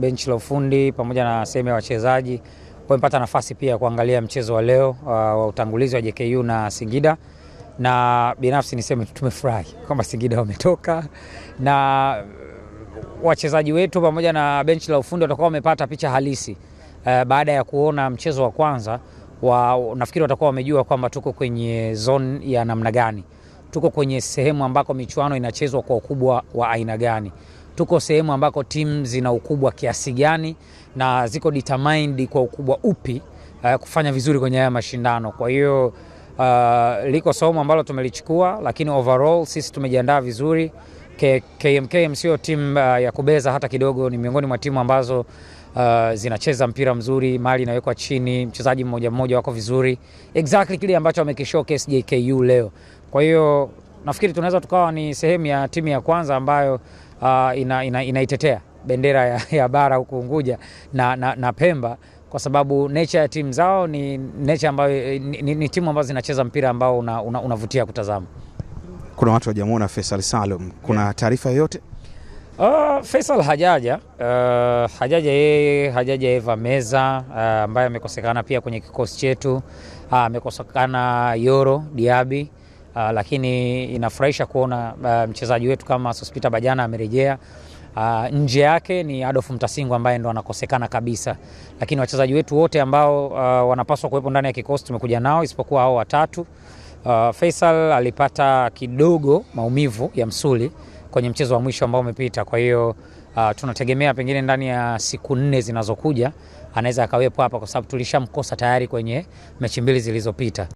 benchi la ufundi pamoja na sehemu ya wachezaji. wamepata nafasi pia ya kuangalia mchezo wa leo uh, wa utangulizi wa JKU na Singida, na binafsi niseme tumefurahi kwamba Singida wametoka na wachezaji wetu pamoja na benchi la ufundi watakuwa wamepata picha halisi uh, baada ya kuona mchezo wa kwanza wa, nafikiri watakuwa wamejua kwamba tuko kwenye zone ya namna gani, tuko kwenye sehemu ambako michuano inachezwa kwa ukubwa wa aina gani tuko sehemu ambako timu zina ukubwa kiasi gani na ziko determined kwa ukubwa upi uh, kufanya vizuri kwenye haya mashindano. Kwa hiyo uh, liko somo ambalo tumelichukua, lakini overall sisi tumejiandaa vizuri. K KMKM sio timu uh, eh, ya kubeza hata kidogo, ni miongoni mwa timu ambazo uh, zinacheza mpira mzuri, mali inawekwa chini, mchezaji mmoja mmoja wako vizuri, exactly kile ambacho amekishowcase JKU leo. Kwa hiyo Nafikiri tunaweza tukawa ni sehemu ya timu ya kwanza ambayo uh, ina, ina, inaitetea bendera ya, ya bara huku Unguja na, na, na Pemba kwa sababu nature ya timu zao ni nature ambayo ni, ni, ni timu ambazo zinacheza mpira ambao unavutia una, una kutazama. Kuna watu hawajamuona Faisal Salum, kuna taarifa yoyote? Uh, Faisal hajaja uh, hajaja yeye, hajaja Eva Meza uh, ambaye amekosekana pia kwenye kikosi chetu, uh, amekosekana uh, Yoro diabi Uh, lakini inafurahisha kuona uh, mchezaji wetu kama Sospeter Bajana amerejea. Uh, nje yake ni Adolf Mtasingu ambaye ndo anakosekana kabisa, lakini wachezaji wetu wote ambao uh, wanapaswa kuwepo ndani ya kikosi tumekuja nao isipokuwa hao watatu. Uh, Faisal alipata kidogo maumivu ya msuli kwenye mchezo wa mwisho ambao umepita, kwa hiyo uh, tunategemea pengine ndani ya siku nne zinazokuja anaweza akawepo hapa, kwa sababu tulishamkosa tayari kwenye mechi mbili zilizopita.